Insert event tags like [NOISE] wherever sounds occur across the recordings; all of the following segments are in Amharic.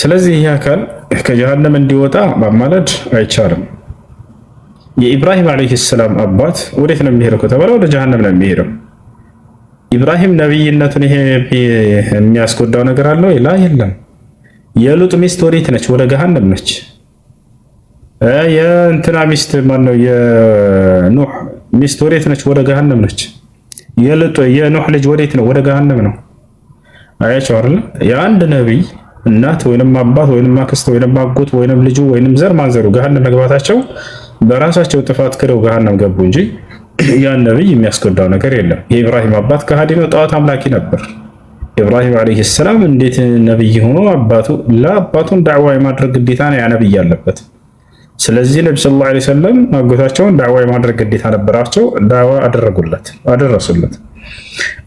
ስለዚህ ይህ አካል ከጀሃነም እንዲወጣ ማማለድ አይቻልም። የኢብራሂም ዓለይሂ ሰላም አባት ወዴት ነው የሚሄደው ከተባለ ወደ ጀሃነም ነው የሚሄደው። ኢብራሂም ነቢይነቱን ይሄ የሚያስጎዳው ነገር አለው? ይላ የለም። የሉጥ ሚስት ወዴት ነች? ወደ ገሃነም ነች። የእንትና ሚስት ማነው? የኑህ ሚስት ወዴት ነች? ወደ ገሃነም ነች። የኑህ ልጅ ወዴት ነው? ወደ ገሃነም ነው። አያቸው አይደለ የአንድ ነቢይ እናት ወይንም አባት ወይንም አክስት ወይንም አጎት ወይንም ልጁ ወይንም ዘር ማንዘሩ ገሃነም መግባታቸው በራሳቸው ጥፋት ክደው ገሃነም ገቡ እንጂ ያን ነብይ የሚያስጎዳው ነገር የለም። የኢብራሂም አባት ከሃዲ ነው፣ ጣዖት አምላኪ ነበር። ኢብራሂም አለይሂ ሰላም እንዴት ነብይ ሆኖ አባቱ ለአባቱን ዳዕዋ የማድረግ ግዴታ ነው ያ ነብይ ያለበት ስለዚህ ነቢ ስ ላ ሰለም አጎታቸውን ዳዋ የማድረግ ግዴታ ነበራቸው። ዳዋ አደረጉለት፣ አደረሱለት።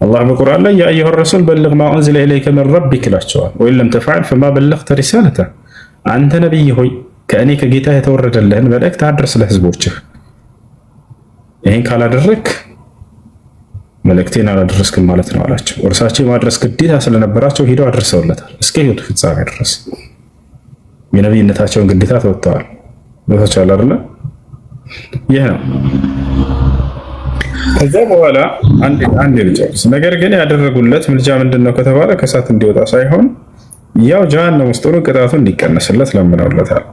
አላህ በቁርአን ላይ የአየሁ ረሱል በልግ ማ ኡንዚለ ኢለይከ ምን ረቢክ ይላቸዋል። ወይም ለም ተፍዓል ፈማ በለግተ ሪሳለተ፣ አንተ ነቢይ ሆይ ከእኔ ከጌታ የተወረደልህን መልእክት አድርስ ለህዝቦችህ። ይህን ካላደረግ መልእክቴን አላደረስክም ማለት ነው አላቸው። እርሳቸው የማድረስ ግዴታ ስለነበራቸው ሂደው አድርሰውለታል። እስከ ህይወቱ ፍጻሜ ድረስ የነቢይነታቸውን ግዴታ ተወጥተዋል። በተቻለ አይደለ? ይሄ ነው። ከዛ በኋላ አንድ ልጨርስ። ነገር ግን ያደረጉለት ምልጃ ምንድነው ከተባለ ከእሳት እንዲወጣ ሳይሆን ያው ጀሃነም ውስጥ ሆኖ ቅጣቱ እንዲቀነስለት ለምነውለታል።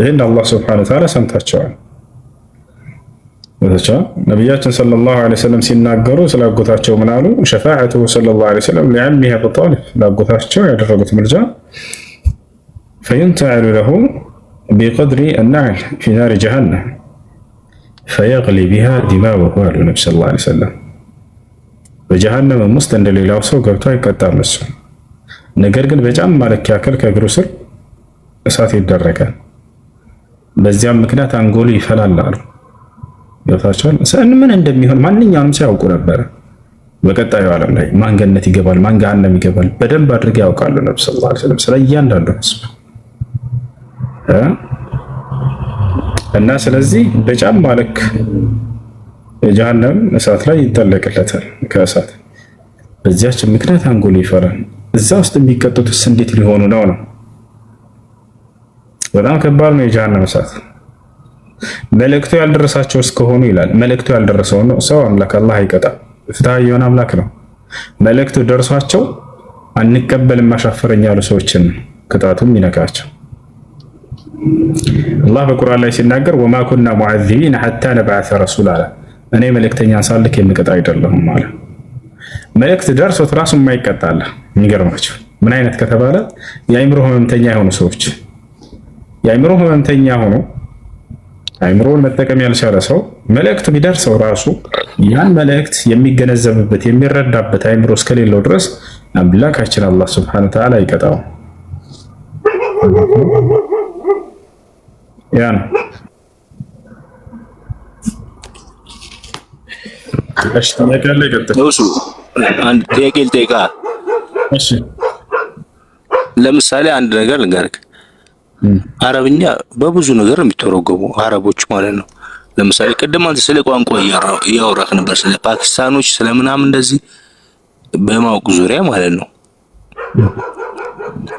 ይህን አላህ ስብሐነሁ ወተዓላ ሰምታቸዋል። ወተቻ ነቢያችን ሰለላሁ ዐለይሂ ወሰለም ሲናገሩ ስላጎታቸው ምን አሉ? ሸፋዓቱ ሰለላሁ ዐለይሂ ወሰለም ሊዓሚሂ አቢ ጣሊብ ላጎታቸው ያደረጉት ምልጃ ፈዩንተዓሉ ለሁ ቢቀድሪ አናዕል ፊ ናሪ ጀሃነም ፈየቅሊ ቢሃ ዲማወሁ አሉ ነቢ ሰለላሁ ዓለይሂ ወሰለም። በጀሃነምም ውስጥ እንደሌላው ሰው ገብቶ አይቀጣም እሱ። ነገር ግን በጫም ማለክ ያክል ከእግሩ ስር እሳት ይደረጋል። በዚያም ምክንያት አንጎሉ ይፈላል አሉ። ገብታችኋል? ምን እንደሚሆን ማንኛውም ሰው ያውቁ ነበረ። በቀጣዩ ዓለም ላይ ማን ገነት ይገባል፣ ማን ገሃነም ይገባል በደንብ አድርገው ያውቃሉ ነቢ ሰለላሁ ዓለይሂ ወሰለም ስለ እያንዳንዱ ህዝብ እና ስለዚህ በጫማ ልክ የጀሃነም እሳት ላይ ይጠለቅለታል ከእሳት በዚያች ምክንያት አንጎል ይፈራል። እዛ ውስጥ የሚቀጡትስ እንዴት ሊሆኑ ነው ነው? በጣም ከባድ ነው የጀሃነም እሳት። መልእክቱ ያልደረሳቸው እስከሆኑ ይላል። መልእክቱ ያልደረሰው ነው ሰው አምላክ አላህ አይቀጣም። ፍትሐዊ የሆነ አምላክ ነው። መልእክቱ ደርሷቸው አንቀበልም አሻፈረኝ ያሉ ሰዎችን ቅጣቱም ይነካቸው። አላህ በቁርአን ላይ ሲናገር ወማ ኩና ሙዓዚቢን ሐታ ነብዓሰ ረሱል አለ። እኔ መልእክተኛ ሳልክ የምቀጣ አይደለሁም አለ። መልእክት ደርሶት ራሱ የማይቀጣለ የሚገርማቸው ምን አይነት ከተባለ የአይምሮ ህመምተኛ የሆኑ ሰዎች የአይምሮ ህመምተኛ ሆኖ አይምሮን መጠቀም ያልቻለ ሰው መልእክት ቢደርሰው ራሱ ያን መልእክት የሚገነዘብበት የሚረዳበት አይምሮ እስከሌለው ድረስ አምላካችን አላህ ስብሐነ ወተዓላ ይቀጣው። Ja. አንድ ጥያቄ ልጠይቃ። እሺ፣ ለምሳሌ አንድ ነገር ልንገርህ። አረብኛ በብዙ ነገር የሚተረጎሙ አረቦች ማለት ነው። ለምሳሌ ቅድም አንተ ስለ ቋንቋ እያወራህ ነበር፣ ስለ ፓኪስታኖች ስለምናምን እንደዚህ በማወቅ ዙሪያ ማለት ነው።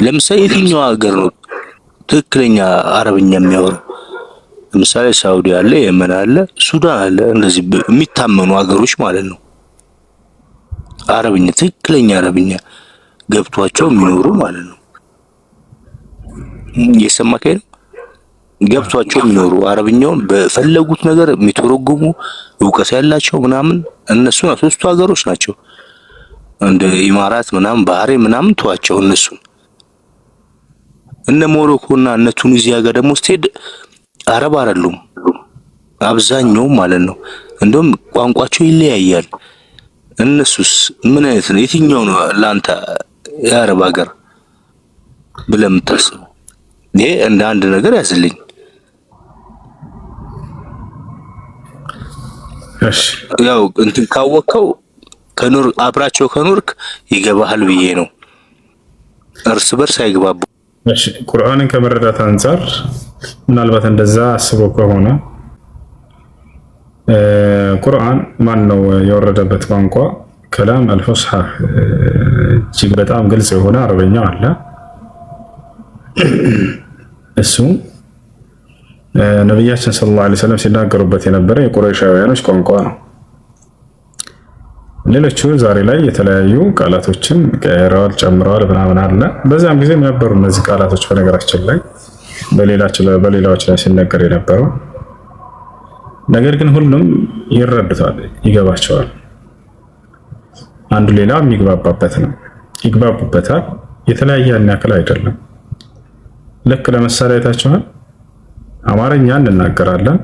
ለምሳሌ የትኛው ሀገር ነው ትክክለኛ አረብኛ የሚያወራው? ለምሳሌ ሳውዲ አለ፣ የመን አለ፣ ሱዳን አለ። እንደዚህ የሚታመኑ ሀገሮች ማለት ነው። አረብኛ ትክክለኛ አረብኛ ገብቷቸው የሚኖሩ ማለት ነው። የሰማከኝ ነው። ገብቷቸው የሚኖሩ አረብኛውን በፈለጉት ነገር የሚተረጉሙ እውቀት ያላቸው ምናምን እነሱን ሶስቱ ሀገሮች ናቸው። እንደ ኢማራት ምናምን ባህሬ ምናምን ተዋቸው እነሱን እነ ሞሮኮ እና እነ ቱኒዚያ ጋር ደግሞ ስትሄድ አረብ አይደሉም አብዛኛውም ማለት ነው። እንደውም ቋንቋቸው ይለያያል። እነሱስ ምን አይነት ነው? የትኛው ነው ለአንተ የአረብ ሀገር ብለህ የምታስበው? ይሄ እንደ አንድ ነገር ያዝልኝ። ያው እንትን ካወቅከው ከኖር አብራቸው ከኖርክ ይገባሃል ብዬ ነው። እርስ በርስ አይግባቡ ቁርአንን ከመረዳት አንጻር ምናልባት እንደዛ አስቦ ከሆነ ቁርአን ማን ነው የወረደበት ቋንቋ ከላም አልፎስሓ እጅግ በጣም ግልጽ የሆነ አረበኛ አለ። እሱም ነቢያችን ሰለላሁ ዐለይሂ ወሰለም ሲናገሩበት የነበረ የቁረይሻውያኖች ቋንቋ ነው። ሌሎቹ ዛሬ ላይ የተለያዩ ቃላቶችን ቀይረዋል፣ ጨምረዋል ምናምን አለ። በዚያም ጊዜ ነበሩ እነዚህ ቃላቶች በነገራችን ላይ በሌላዎች ላይ ሲነገር የነበረው ነገር ግን ሁሉም ይረዱታል፣ ይገባቸዋል። አንዱ ሌላ የሚግባባበት ነው፣ ይግባቡበታል። የተለያየ ያክል አይደለም። ልክ ለምሳሌ አይታችኋል፣ አማርኛ እንናገራለን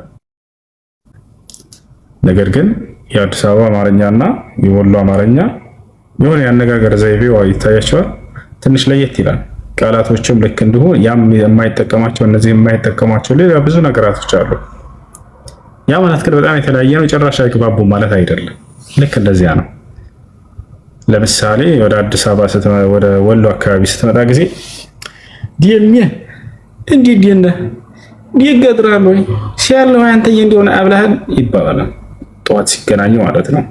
ነገር ግን የአዲስ አበባ አማርኛ እና የወሎ አማርኛ የሆነ የአነጋገር ዘይቤዋ ይታያቸዋል። ትንሽ ለየት ይላል። ቃላቶችም ልክ እንዲሁ ያም የማይጠቀማቸው እነዚህ የማይጠቀማቸው ሌላ ብዙ ነገራቶች አሉ። ያ ማለት ግን በጣም የተለያየ ነው፣ ጭራሽ አይግባቡ ማለት አይደለም። ልክ እንደዚያ ነው። ለምሳሌ ወደ አዲስ አበባ ወደ ወሎ አካባቢ ስትመጣ ጊዜ ዲየሚ እንዲህ ዲነ ዲገጥራሉ ሲያለው አንተዬ እንዲሆነ አብላህል ይባላል ጠዋት ሲገናኙ ማለት ነው።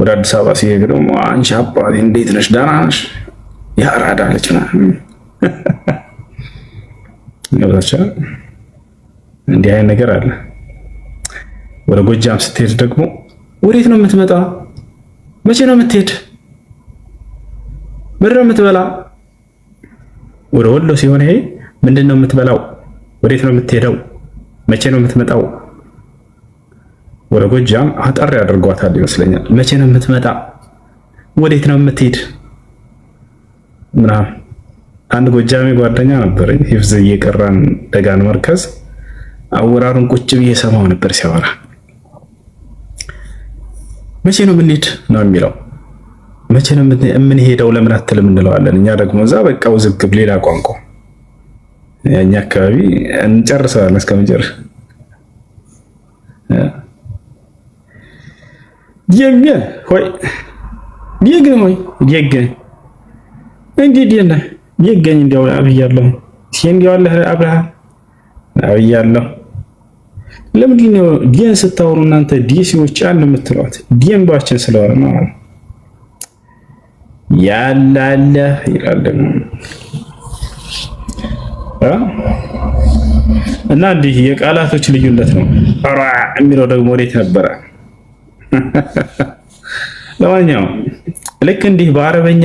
ወደ አዲስ አበባ ሲሄድ ደግሞ አንቺ አባት እንዴት ነሽ? ደህና ነሽ? ያራዳ አለች ምናምን [LAUGHS] እንዲህ አይነት ነገር አለ። ወደ ጎጃም ስትሄድ ደግሞ ወዴት ነው የምትመጣ? መቼ ነው የምትሄድ? ምንድን ነው የምትበላ? ወደ ወሎ ሲሆን ይሄ ምንድን ነው የምትበላው? ወዴት ነው የምትሄደው? መቼ ነው የምትመጣው? ወደ ጎጃም አጠር ያደርጓታል ይመስለኛል። መቼ ነው የምትመጣ? ወዴት ነው የምትሄድ? ምናምን አንድ ጎጃሜ ጓደኛ ነበረኝ፣ ሂፍዝ እየቀራን ደጋን መርከዝ አወራሩን ቁጭ ብዬ ሰማው ነበር ሲያወራ። መቼ ነው የምንሄድ ነው የሚለው። መቼ ነው የምንሄደው ለምን አትልም እንለዋለን። እኛ ደግሞ እዛ በቃ ውዝግብ፣ ሌላ ቋንቋ እኛ አካባቢ እንጨርሰዋለን እስከመጨረሻ Diye hoy. ዲየግን ወይ ዲየግን እንዲ ዲየና ዲየግን እንዲያው አብያለሁ ሲንዲያው አብርሃም አብያለሁ። ለምንድን ነው ዲየን ስታወሩ እናንተ ዲሲዎች አንድ የምትሏት? ዲየን ስለሆነ ማለት ያለ አለ ይላል እና እንዲህ የቃላቶች ልዩነት ነው። አራ የሚለው ደግሞ ወዴት ነበረ? [LAUGHS] ለማንኛውም ልክ እንዲህ በአረበኛ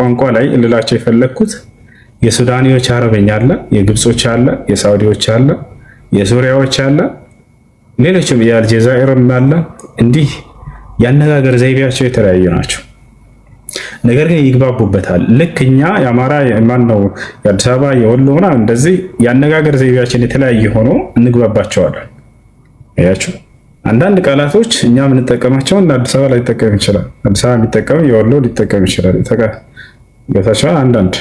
ቋንቋ ላይ ልላቸው የፈለግኩት የሱዳኒዎች አረበኛ አለ፣ የግብጾች አለ፣ የሳውዲዎች አለ፣ የሱሪያዎች አለ፣ ሌሎችም የአልጀዛኢርም አለ። እንዲህ የአነጋገር ዘይቤያቸው የተለያዩ ናቸው። ነገር ግን ይግባቡበታል። ልክ እኛ የአማራ ማን ነው የአዲስ አበባ የወሎ ምናምን እንደዚህ የአነጋገር ዘይቤያችን የተለያየ ሆኖ እንግባባቸዋለን። አያችሁ አንዳንድ ቃላቶች እኛ የምንጠቀማቸውን ለአዲስ አበባ ላይጠቀም ይችላል። አዲስ አበባ ቢጠቀም የወሎ ሊጠቀም ይችላል። አንዳንድ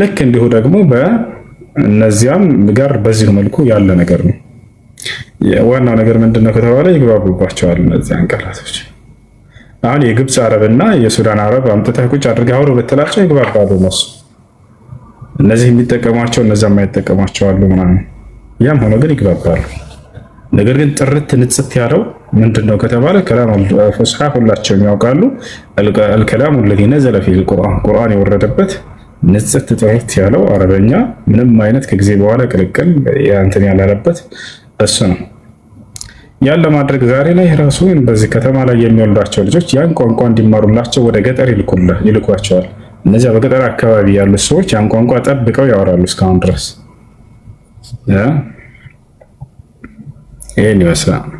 ልክ እንዲሁ ደግሞ በእነዚያም ጋር በዚሁ መልኩ ያለ ነገር ነው። ዋናው ነገር ምንድነው ከተባለ ይግባቡባቸዋል እነዚያን ቃላቶች። አሁን የግብፅ አረብና የሱዳን አረብ አምጥተህ ቁጭ አድርገህ አውሮ ብትላቸው ይግባባሉ እነሱ። እነዚህ የሚጠቀሟቸው እነዚያ የማይጠቀሟቸው አሉ ምናምን። ያም ሆኖ ግን ይግባባሉ። ነገር ግን ጥርት ንጽት ያለው ምንድን ነው ከተባለ ከላም ፉስሓ ሁላቸውም ያውቃሉ። አልከላሙ ለዚ ነዘለ ፊሂል ቁርአን ቁርአን የወረደበት ንጽት ጥርት ያለው አረበኛ ምንም አይነት ከጊዜ በኋላ ቅልቅል እንትን ያላለበት እሱ ነው። ያን ለማድረግ ዛሬ ላይ ራሱ በዚህ ከተማ ላይ የሚወልዷቸው ልጆች ያን ቋንቋ እንዲማሩላቸው ወደ ገጠር ይልኳቸዋል። እነዚያ በገጠር አካባቢ ያሉት ሰዎች ያን ቋንቋ ጠብቀው ያወራሉ እስካሁን ድረስ Universal.